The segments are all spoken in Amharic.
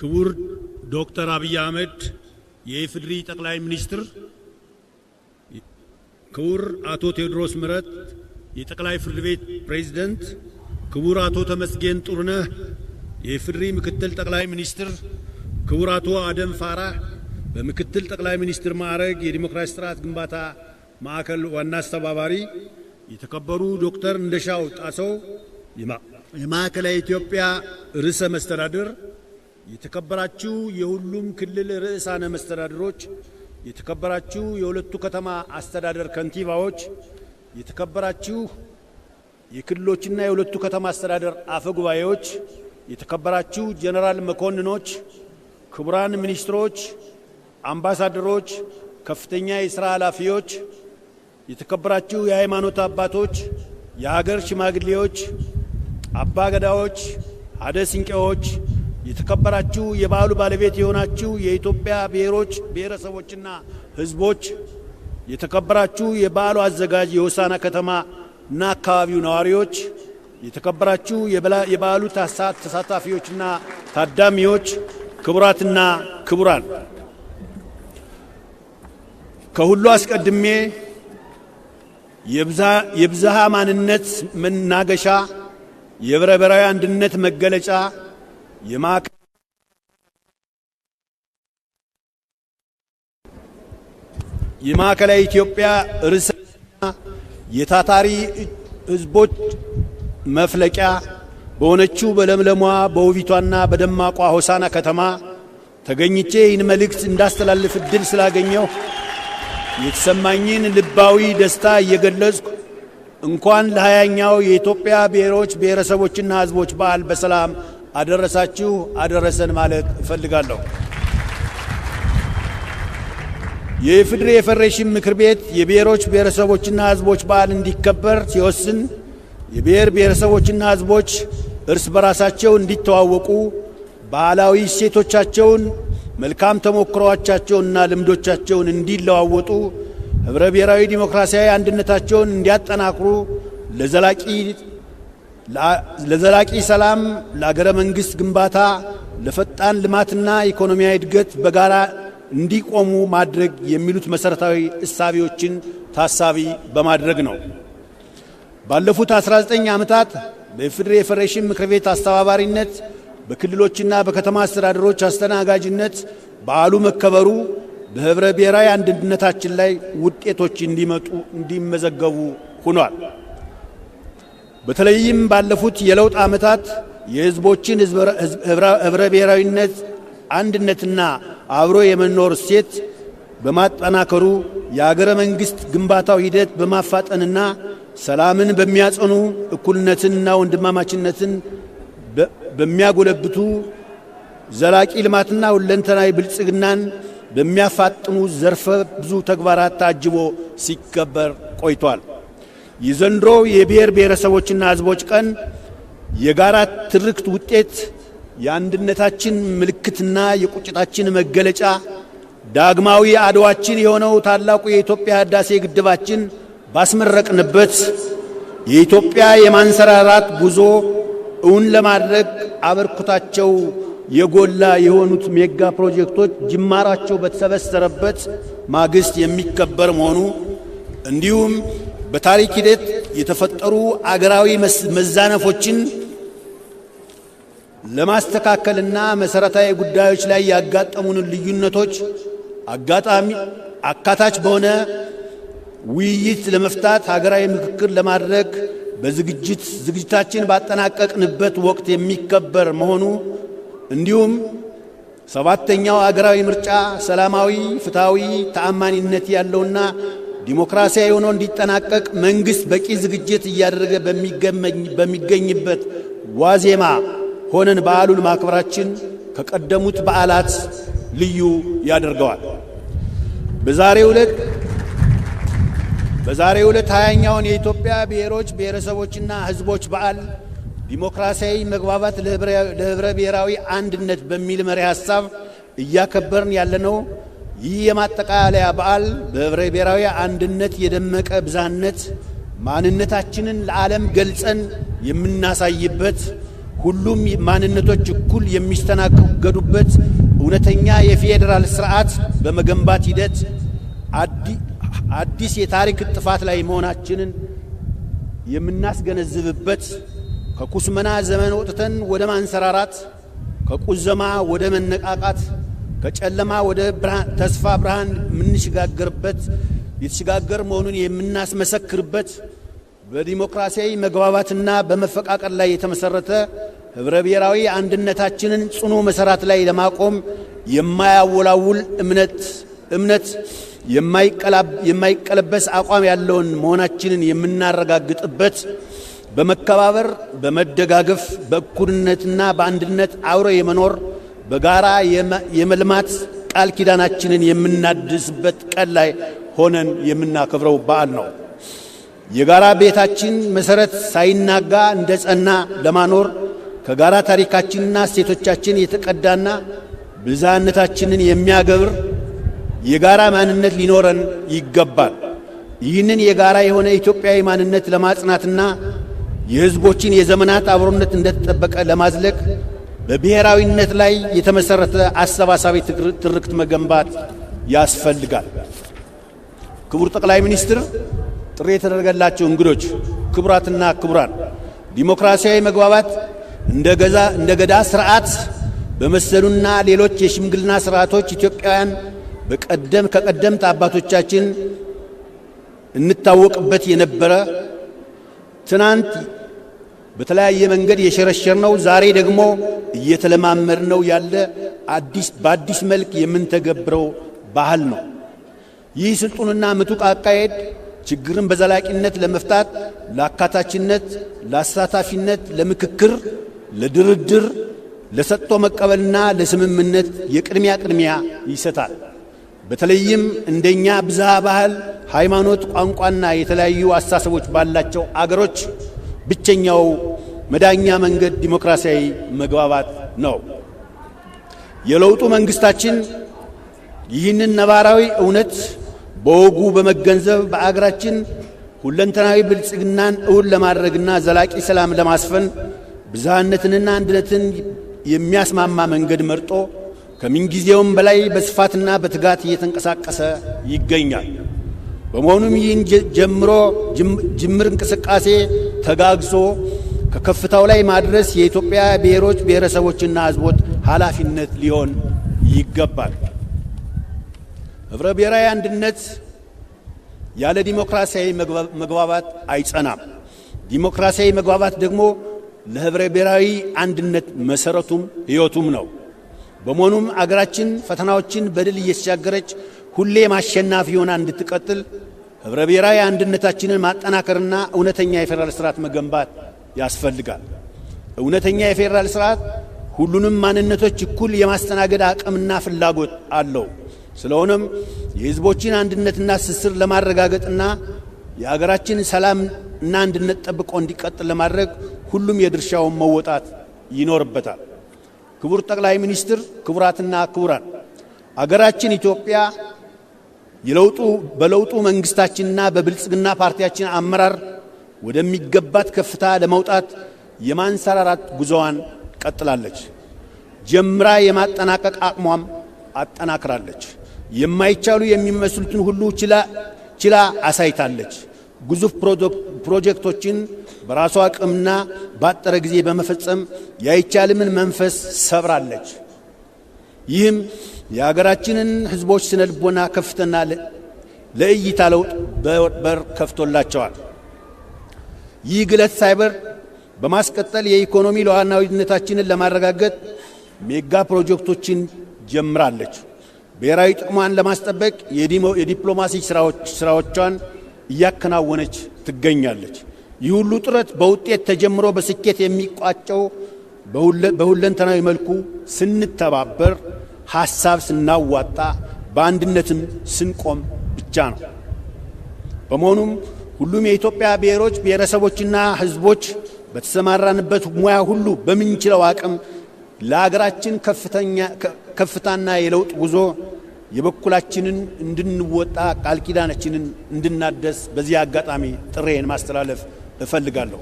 ክቡር ዶክተር አብይ አህመድ የኢፍድሪ ጠቅላይ ሚኒስትር፣ ክቡር አቶ ቴዎድሮስ ምረት የጠቅላይ ፍርድ ቤት ፕሬዝደንት፣ ክቡር አቶ ተመስገን ጥሩነህ የኢፍድሪ ምክትል ጠቅላይ ሚኒስትር፣ ክቡር አቶ አደም ፋራህ በምክትል ጠቅላይ ሚኒስትር ማዕረግ የዲሞክራሲ ስርዓት ግንባታ ማዕከል ዋና አስተባባሪ፣ የተከበሩ ዶክተር እንደሻው ጣሰው የማዕከላዊ ኢትዮጵያ ርዕሰ መስተዳድር የተከበራችሁ የሁሉም ክልል ርዕሳነ መስተዳድሮች፣ የተከበራችሁ የሁለቱ ከተማ አስተዳደር ከንቲባዎች፣ የተከበራችሁ የክልሎችና የሁለቱ ከተማ አስተዳደር አፈ ጉባኤዎች፣ የተከበራችሁ ጀነራል መኮንኖች፣ ክቡራን ሚኒስትሮች፣ አምባሳደሮች፣ ከፍተኛ የሥራ ኃላፊዎች፣ የተከበራችሁ የሃይማኖት አባቶች፣ የሀገር ሽማግሌዎች፣ አባገዳዎች፣ አደ ስንቄዎች የተከበራችሁ የበዓሉ ባለቤት የሆናችሁ የኢትዮጵያ ብሔሮች ብሔረሰቦችና ህዝቦች። የተከበራችሁ የበዓሉ አዘጋጅ የሆሳና ከተማ እና አካባቢው ነዋሪዎች፣ የተከበራችሁ የበዓሉ ተሳታፊዎችና ታዳሚዎች፣ ክቡራትና ክቡራን፣ ከሁሉ አስቀድሜ የብዝሃ ማንነት መናገሻ፣ የብረበራዊ አንድነት መገለጫ የማዕከ የማዕከላዊ ኢትዮጵያ ርዕሰ የታታሪ ህዝቦች መፍለቂያ በሆነችው በለምለሟ በውቢቷና በደማቋ ሆሳና ከተማ ተገኝቼ ይህን መልእክት እንዳስተላልፍ እድል ስላገኘሁ የተሰማኝን ልባዊ ደስታ እየገለጽኩ እንኳን ለሀያኛው የኢትዮጵያ ብሔሮች ብሔረሰቦችና ህዝቦች በዓል በሰላም አደረሳችሁ አደረሰን ማለት እፈልጋለሁ። የኢፌዴሪ የፌዴሬሽን ምክር ቤት የብሔሮች ብሔረሰቦችና ሕዝቦች በዓል እንዲከበር ሲወስን የብሔር ብሔረሰቦችና ሕዝቦች እርስ በራሳቸው እንዲተዋወቁ ባህላዊ እሴቶቻቸውን፣ መልካም ተሞክሮዎቻቸውንና ልምዶቻቸውን እንዲለዋወጡ፣ ኅብረ ብሔራዊ ዲሞክራሲያዊ አንድነታቸውን እንዲያጠናክሩ ለዘላቂ ለዘላቂ ሰላም፣ ለአገረ መንግሥት ግንባታ፣ ለፈጣን ልማትና ኢኮኖሚያዊ እድገት በጋራ እንዲቆሙ ማድረግ የሚሉት መሠረታዊ እሳቤዎችን ታሳቢ በማድረግ ነው። ባለፉት 19 ዓመታት በኢፌዴሪ የፌዴሬሽን ምክር ቤት አስተባባሪነት በክልሎችና በከተማ አስተዳደሮች አስተናጋጅነት በዓሉ መከበሩ በህብረ ብሔራዊ አንድነታችን ላይ ውጤቶች እንዲመጡ እንዲመዘገቡ ሆኗል። በተለይም ባለፉት የለውጥ ዓመታት የሕዝቦችን ኅብረ ብሔራዊነት አንድነትና አብሮ የመኖር እሴት በማጠናከሩ የአገረ መንግሥት ግንባታው ሂደት በማፋጠንና ሰላምን በሚያጸኑ እኩልነትንና ወንድማማችነትን በሚያጎለብቱ ዘላቂ ልማትና ሁለንተናዊ ብልጽግናን በሚያፋጥኑ ዘርፈ ብዙ ተግባራት ታጅቦ ሲከበር ቆይቷል። የዘንድሮው የብሔር ብሔረሰቦችና ሕዝቦች ቀን የጋራ ትርክት ውጤት፣ የአንድነታችን ምልክትና የቁጭታችን መገለጫ፣ ዳግማዊ አድዋችን የሆነው ታላቁ የኢትዮጵያ ሕዳሴ ግድባችን ባስመረቅንበት የኢትዮጵያ የማንሰራራት ጉዞ እውን ለማድረግ አበርክቷቸው የጎላ የሆኑት ሜጋ ፕሮጀክቶች ጅማራቸው በተሰበሰረበት ማግስት የሚከበር መሆኑ እንዲሁም በታሪክ ሂደት የተፈጠሩ አገራዊ መዛነፎችን ለማስተካከልና መሰረታዊ ጉዳዮች ላይ ያጋጠሙንን ልዩነቶች አጋጣሚ አካታች በሆነ ውይይት ለመፍታት ሀገራዊ ምክክር ለማድረግ በዝግጅት ዝግጅታችን ባጠናቀቅንበት ወቅት የሚከበር መሆኑ እንዲሁም ሰባተኛው አገራዊ ምርጫ ሰላማዊ፣ ፍትሐዊ፣ ተአማኒነት ያለውና ዲሞክራሲያዊ ሆኖ እንዲጠናቀቅ መንግሥት በቂ ዝግጅት እያደረገ በሚገኝበት ዋዜማ ሆነን በዓሉን ማክበራችን ከቀደሙት በዓላት ልዩ ያደርገዋል። በዛሬው ዕለት በዛሬው ዕለት ሀያኛውን የኢትዮጵያ ብሔሮች ብሔረሰቦችና ሕዝቦች በዓል ዲሞክራሲያዊ መግባባት ለህብረ ብሔራዊ አንድነት በሚል መሪ ሐሳብ እያከበርን ያለነው ይህ የማጠቃለያ በዓል በህብረ ብሔራዊ አንድነት የደመቀ ብዛነት ማንነታችንን ለዓለም ገልጸን የምናሳይበት ሁሉም ማንነቶች እኩል የሚስተናገዱበት እውነተኛ የፌዴራል ስርዓት በመገንባት ሂደት አዲስ የታሪክ ጥፋት ላይ መሆናችንን የምናስገነዝብበት ከኩስመና ዘመን ወጥተን ወደ ማንሰራራት ከቁዘማ ወደ መነቃቃት ከጨለማ ወደ ተስፋ ብርሃን የምንሸጋገርበት የተሸጋገር መሆኑን የምናስመሰክርበት በዲሞክራሲያዊ መግባባትና በመፈቃቀር ላይ የተመሰረተ ህብረ ብሔራዊ አንድነታችንን ጽኑ መሰራት ላይ ለማቆም የማያወላውል እምነት እምነት የማይቀለበስ አቋም ያለውን መሆናችንን የምናረጋግጥበት በመከባበር በመደጋገፍ በእኩልነትና በአንድነት አብሮ የመኖር በጋራ የመልማት ቃል ኪዳናችንን የምናድስበት ቀን ላይ ሆነን የምናከብረው በዓል ነው። የጋራ ቤታችን መሰረት ሳይናጋ እንደ ጸና ለማኖር ከጋራ ታሪካችንና እሴቶቻችን የተቀዳና ብዝሃነታችንን የሚያገብር የጋራ ማንነት ሊኖረን ይገባል። ይህንን የጋራ የሆነ ኢትዮጵያዊ ማንነት ለማጽናትና የሕዝቦችን የዘመናት አብሮነት እንደተጠበቀ ለማዝለቅ በብሔራዊነት ላይ የተመሰረተ አሰባሳቢ ትርክት መገንባት ያስፈልጋል። ክቡር ጠቅላይ ሚኒስትር፣ ጥሪ የተደረገላቸው እንግዶች፣ ክቡራትና ክቡራን፣ ዲሞክራሲያዊ መግባባት እንደ ገዳ ስርዓት በመሰሉና ሌሎች የሽምግልና ስርዓቶች ኢትዮጵያውያን በቀደም ከቀደምት አባቶቻችን እንታወቅበት የነበረ ትናንት በተለያየ መንገድ የሸረሸር ነው። ዛሬ ደግሞ እየተለማመድ ነው ያለ አዲስ በአዲስ መልክ የምንተገብረው ባህል ነው። ይህ ስልጡንና ምጡቅ አካሄድ ችግርን በዘላቂነት ለመፍታት ለአካታችነት፣ ለአሳታፊነት፣ ለምክክር፣ ለድርድር፣ ለሰጥቶ መቀበልና ለስምምነት የቅድሚያ ቅድሚያ ይሰጣል። በተለይም እንደኛ ብዝሃ ባህል፣ ሃይማኖት፣ ቋንቋና የተለያዩ አስተሳሰቦች ባላቸው አገሮች ብቸኛው መዳኛ መንገድ ዲሞክራሲያዊ መግባባት ነው። የለውጡ መንግስታችን ይህንን ነባራዊ እውነት በወጉ በመገንዘብ በአገራችን ሁለንተናዊ ብልጽግናን እውን ለማድረግና ዘላቂ ሰላም ለማስፈን ብዝሃነትንና አንድነትን የሚያስማማ መንገድ መርጦ ከምንጊዜውም በላይ በስፋትና በትጋት እየተንቀሳቀሰ ይገኛል። በመሆኑም ይህን ጀምሮ ጅምር እንቅስቃሴ ተጋግዞ ከከፍታው ላይ ማድረስ የኢትዮጵያ ብሔሮች ብሔረሰቦችና ሕዝቦች ኃላፊነት ሊሆን ይገባል። ኅብረ ብሔራዊ አንድነት ያለ ዲሞክራሲያዊ መግባባት አይጸናም። ዲሞክራሲያዊ መግባባት ደግሞ ለኅብረ ብሔራዊ አንድነት መሰረቱም ሕይወቱም ነው። በመሆኑም አገራችን ፈተናዎችን በድል እየተሻገረች ሁሌም አሸናፊ ሆና እንድትቀጥል ህብረ ብሔራዊ አንድነታችንን ማጠናከርና እውነተኛ የፌዴራል ስርዓት መገንባት ያስፈልጋል። እውነተኛ የፌዴራል ስርዓት ሁሉንም ማንነቶች እኩል የማስተናገድ አቅምና ፍላጎት አለው። ስለሆነም የህዝቦችን አንድነትና ትስስር ለማረጋገጥና ሰላም ሰላምና አንድነት ጠብቆ እንዲቀጥል ለማድረግ ሁሉም የድርሻውን መወጣት ይኖርበታል። ክቡር ጠቅላይ ሚኒስትር፣ ክቡራትና ክቡራን አገራችን ኢትዮጵያ የለውጡ በለውጡ መንግስታችንና በብልጽግና ፓርቲያችን አመራር ወደሚገባት ከፍታ ለመውጣት የማንሰራራት ጉዞዋን ቀጥላለች። ጀምራ የማጠናቀቅ አቅሟም አጠናክራለች። የማይቻሉ የሚመስሉትን ሁሉ ችላ አሳይታለች። ግዙፍ ፕሮጀክቶችን በራሷ አቅምና ባጠረ ጊዜ በመፈጸም ያይቻልምን መንፈስ ሰብራለች። ይህም የሀገራችንን ህዝቦች ስነ ልቦና ከፍተና ለእይታ ለውጥ በር ከፍቶላቸዋል። ይህ ግለት ሳይበር በማስቀጠል የኢኮኖሚ ሉዓላዊነታችንን ለማረጋገጥ ሜጋ ፕሮጀክቶችን ጀምራለች። ብሔራዊ ጥቅሟን ለማስጠበቅ የዲፕሎማሲ ስራዎቿን እያከናወነች ትገኛለች። ይህ ሁሉ ጥረት በውጤት ተጀምሮ በስኬት የሚቋጨው በሁለንተናዊ መልኩ ስንተባበር ሐሳብ ስናዋጣ በአንድነትም ስንቆም ብቻ ነው። በመሆኑም ሁሉም የኢትዮጵያ ብሔሮች ብሔረሰቦችና ሕዝቦች በተሰማራንበት ሙያ ሁሉ በምንችለው አቅም ለአገራችን ከፍታና የለውጥ ጉዞ የበኩላችንን እንድንወጣ ቃል ኪዳናችንን እንድናደስ በዚህ አጋጣሚ ጥሬን ማስተላለፍ እፈልጋለሁ።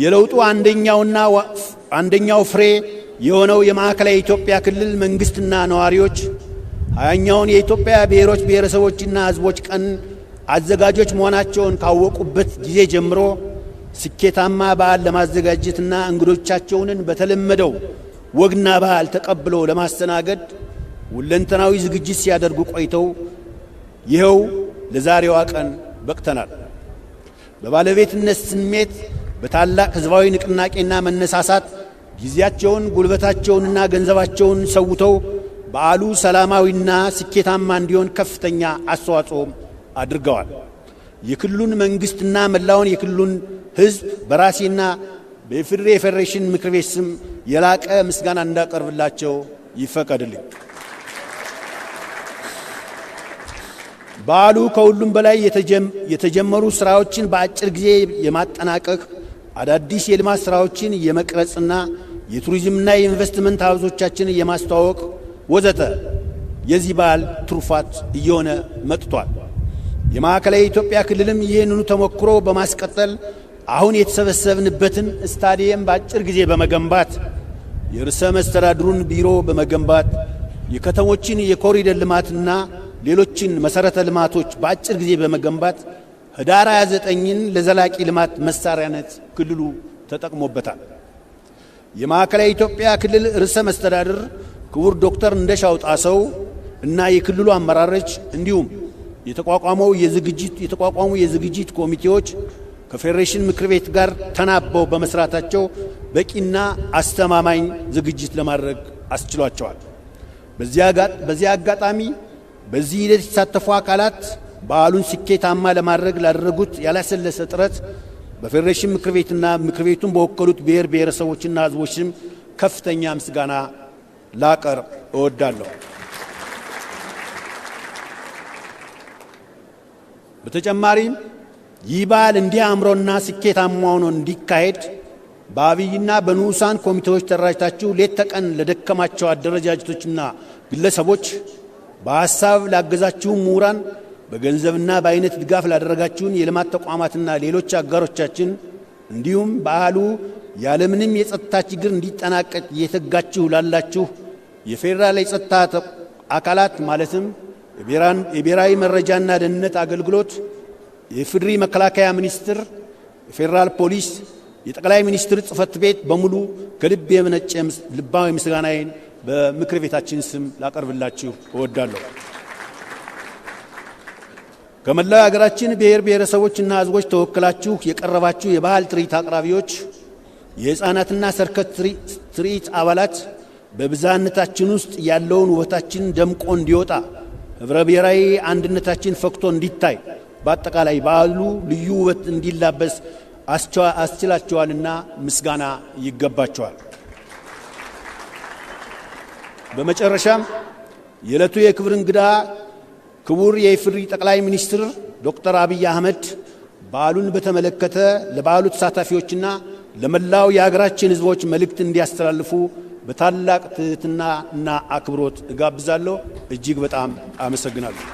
የለውጡ አንደኛውና አንደኛው ፍሬ የሆነው የማዕከላዊ ኢትዮጵያ ክልል መንግስትና ነዋሪዎች ሀያኛውን የኢትዮጵያ ብሔሮች ብሔረሰቦችና ሕዝቦች ቀን አዘጋጆች መሆናቸውን ካወቁበት ጊዜ ጀምሮ ስኬታማ በዓል ለማዘጋጀትና እንግዶቻቸውንን በተለመደው ወግና ባህል ተቀብሎ ለማስተናገድ ሁለንተናዊ ዝግጅት ሲያደርጉ ቆይተው ይኸው ለዛሬዋ ቀን በቅተናል። በባለቤትነት ስሜት በታላቅ ህዝባዊ ንቅናቄና መነሳሳት ጊዜያቸውን፣ ጉልበታቸውንና ገንዘባቸውን ሰውተው በዓሉ ሰላማዊና ስኬታማ እንዲሆን ከፍተኛ አስተዋጽኦም አድርገዋል። የክልሉን መንግሥትና መላውን የክልሉን ሕዝብ በራሴና በፍሬ የፌዴሬሽን ምክር ቤት ስም የላቀ ምስጋና እንዳቀርብላቸው ይፈቀድልኝ። በዓሉ ከሁሉም በላይ የተጀመሩ ስራዎችን በአጭር ጊዜ የማጠናቀቅ አዳዲስ የልማት ስራዎችን የመቅረጽና የቱሪዝምና የኢንቨስትመንት ሀብቶቻችንን የማስተዋወቅ ወዘተ የዚህ በዓል ትሩፋት እየሆነ መጥቷል። የማዕከላዊ ኢትዮጵያ ክልልም ይህንኑ ተሞክሮ በማስቀጠል አሁን የተሰበሰብንበትን ስታዲየም በአጭር ጊዜ በመገንባት የርዕሰ መስተዳድሩን ቢሮ በመገንባት የከተሞችን የኮሪደር ልማትና ሌሎችን መሠረተ ልማቶች በአጭር ጊዜ በመገንባት ህዳር 29ን ለዘላቂ ልማት መሳሪያነት ክልሉ ተጠቅሞበታል። የማዕከላዊ ኢትዮጵያ ክልል ርዕሰ መስተዳድር ክቡር ዶክተር እንደሻው ጣሰው እና የክልሉ አመራሮች እንዲሁም የተቋቋመው የዝግጅት የተቋቋሙ የዝግጅት ኮሚቴዎች ከፌዴሬሽን ምክር ቤት ጋር ተናበው በመስራታቸው በቂና አስተማማኝ ዝግጅት ለማድረግ አስችሏቸዋል። በዚህ አጋጣሚ በዚህ ሂደት የተሳተፉ አካላት በዓሉን ስኬታማ ለማድረግ ላደረጉት ያላሰለሰ ጥረት በፌዴሬሽን ምክር ቤትና ምክር ቤቱን በወከሉት ብሔር ብሔረሰቦችና ህዝቦችም ከፍተኛ ምስጋና ላቀር እወዳለሁ። በተጨማሪም ይህ በዓል እንዲህ አምሮና ስኬታማ ሆኖ እንዲካሄድ በአብይና በንዑሳን ኮሚቴዎች ተደራጅታችሁ ሌት ተቀን ለደከማቸው አደረጃጀቶችና ግለሰቦች በሐሳብ ላገዛችሁ ምሁራን በገንዘብና በአይነት ድጋፍ ላደረጋችሁን የልማት ተቋማትና ሌሎች አጋሮቻችን እንዲሁም በዓሉ ያለምንም የጸጥታ ችግር እንዲጠናቀቅ እየተጋችሁ ላላችሁ የፌዴራል የጸጥታ አካላት ማለትም የብሔራዊ መረጃና ደህንነት አገልግሎት፣ የፍድሪ መከላከያ ሚኒስትር የፌዴራል ፖሊስ፣ የጠቅላይ ሚኒስትር ጽህፈት ቤት በሙሉ ከልብ የመነጨ ልባዊ ምስጋናዬን በምክር ቤታችን ስም ላቀርብላችሁ እወዳለሁ። ከመላው የሀገራችን ብሔር ብሔረሰቦችና ሕዝቦች ተወክላችሁ የቀረባችሁ የባህል ትርኢት አቅራቢዎች፣ የሕፃናትና ሰርከት ትርኢት አባላት በብዝሃነታችን ውስጥ ያለውን ውበታችን ደምቆ እንዲወጣ ኅብረ ብሔራዊ አንድነታችን ፈክቶ እንዲታይ በአጠቃላይ በዓሉ ልዩ ውበት እንዲላበስ አስችላቸዋልና ምስጋና ይገባቸዋል። በመጨረሻም የዕለቱ የክብር እንግዳ ክቡር የኢፍሪ ጠቅላይ ሚኒስትር ዶክተር አብይ አህመድ በዓሉን በተመለከተ ለበዓሉ ተሳታፊዎችና ለመላው የሀገራችን ህዝቦች መልእክት እንዲያስተላልፉ በታላቅ ትህትናና አክብሮት እጋብዛለሁ። እጅግ በጣም አመሰግናለሁ።